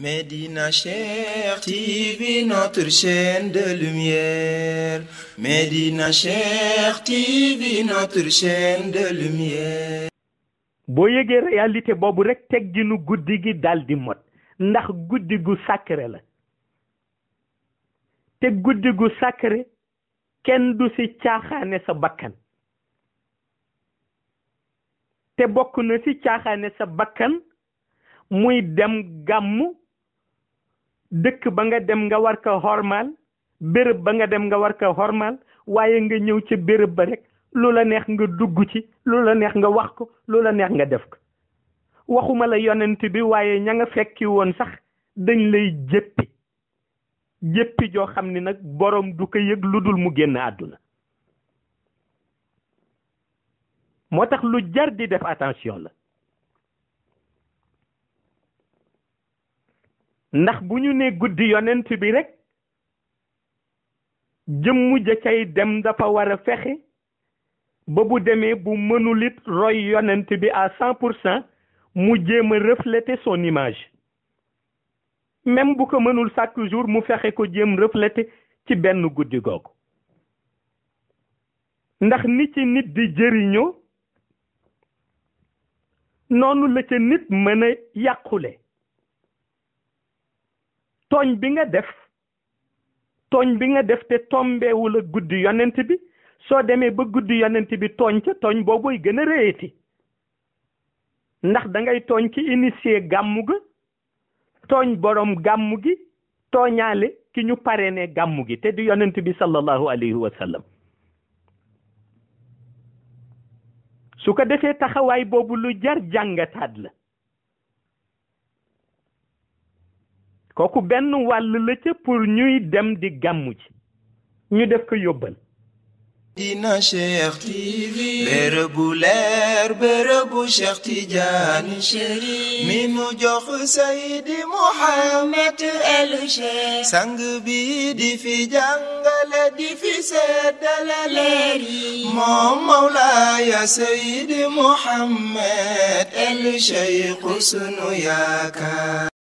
Médina Cheikh TV, notre chaîne de boo yëgee réalité boobu rek teg gi nu guddi gi daldi di mot ndax guddi gu sacré la te guddi gu sacré kenn du ci caaxaane sa bakkan te bokk na ci caaxaane sa bakkan muy dem gàmmu dëkk ba nga dem nga war ko hormal béréb ba nga dem nga war ko hormal waaye nga ñëw ca béréb ba rek lu la neex nga dugg ci lu la neex nga wax ko lu la neex nga def ko waxuma la yonent bi waaye ña nga fekki woon sax dañ lay jéppi jéppi joo xam ni nag boroom du ko yëg lu dul mu génn àdduna moo tax lu jar di def attention la ndax bu ñu nee guddi yonent bi rek jëmm ja cay dem dafa war a fexe ba bu demee bu mënulit roy yonent bi à cent pour cent mu jéem a refléter son image même bu ko mënul chaque jour mu fexe ko jéem refléter ci benn guddi googu ndax ni ci nit di jëriñoo noonu la ca nit mën a yàqule tooñ bi nga def tooñ bi nga def te tombeewul ak guddi yonent bi soo demee ba guddi yonent bi tooñ ca tooñ boobuy gën a réyati ndax dangay tooñ ki initié gàmmu ga tooñ borom gàmmu gi tooñaale ki ñu ne gàmmu gi te di yonent bi sallallahu alayhi wa sallam su ko defee taxawaay boobu lu jar jàngataat la kooku benn wàll la ca pour ñuy dem di gàmmu ci ñu def ko yóbbal Medina leer bërëbu Cheikh Tidiane Chérif mi nu jox Seydi Mouhamed El Cheikh sang bi di fi jàngale di fi seddale leer yi moom Mawlaaya Seydi Mouhamed El Cheikh sunu yaakaar